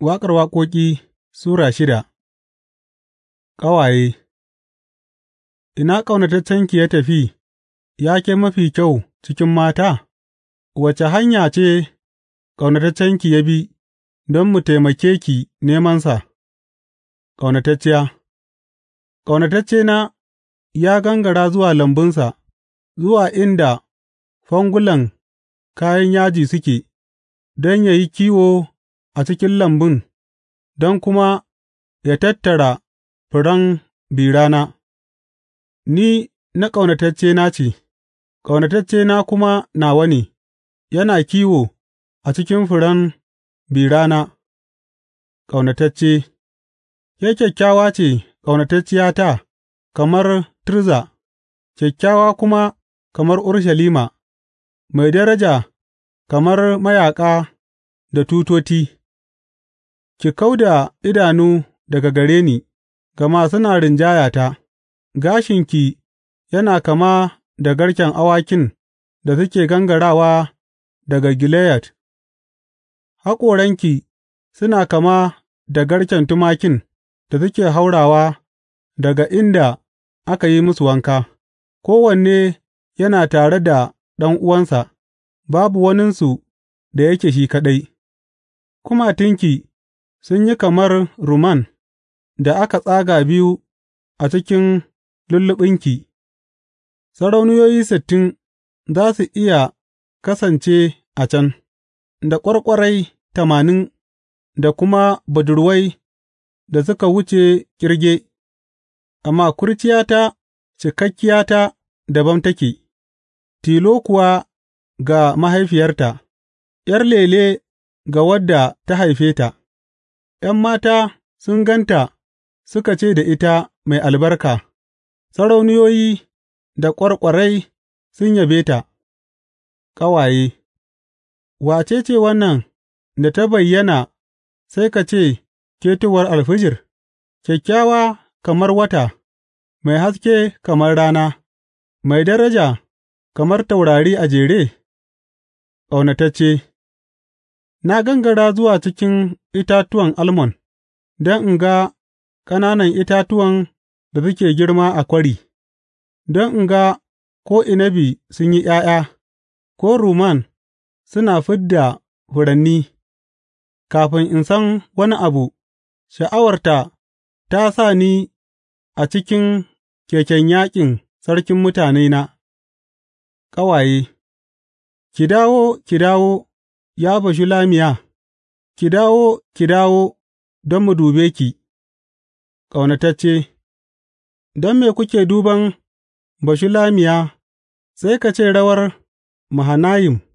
Waƙar Waƙoƙi Sura shida Ƙawaye Ina ƙaunataccenki ya tafi, ya ke mafi kyau cikin mata, wace hanya ce ƙaunataccenki ya bi don mu taimake ki nemansa, ƙaunatacciya Ƙaunataccena ya gangara zuwa lambunsa, zuwa inda fangulan kayan yaji suke, don yă yi kiwo a cikin lambun don kuma ya tattara furen bi rana, ni na ƙaunataccena ce, ƙaunataccena kuma nawa ne, yana kiwo a cikin furen bi rana, ƙaunatacce, ke kyakkyawa ce ƙaunatacciyata kamar Tirza, kyakkyawa kuma kamar Urushalima, mai daraja kamar mayaƙa da tutoti. Ki kau da idanu daga gare ni, gama suna rinjayata; gashinki yana kama da garken awakin da suke gangarawa daga Gileyad, haƙoranki suna kama da garken tumakin da suke haurawa daga inda aka yi musu wanka; kowanne yana tare da ɗan'uwansa, babu waninsu da yake shi kaɗai. Kumatunki sun yi kamar rumman da aka tsaga biyu a cikin lulluɓinki, sarauniyoyi sittin za su iya kasance a can, da ƙwarƙwarai tamanin da kuma budurwai da suka wuce ƙirge, amma kurciyata cikakkiyata dabam take, tilo kuwa ga mahaifiyarta, ’yar lele ga wadda ta haife ta. ’Yan mata sun gan ta suka ce da ita mai albarka; sarauniyoyi da ƙwarƙwarai sun yabe ta Ƙawaye Wace ce wannan da ta bayyana sai ka ce ketowar alfijir, kyakkyawa kamar wata, mai haske kamar rana, mai daraja kamar taurari a jere? Ƙaunatacce. Na gangara zuwa cikin itatuwan almon don in ga ƙananan itatuwan da suke girma a kwari, don in ga ko inabi sun yi ’ya'ya, ko Ruman suna fid da furanni, kafin in san wani abu, sha'awarta ta sa ni a cikin keken yaƙin sarkin mutanena. Ƙawaye Ki dawo, ki dawo! Ya bashi lamiya, ki dawo, ki dawo, don mu dube ki, ƙaunatacce Don me kuke duban bashi lamiya sai ka ce rawar Mahanayim?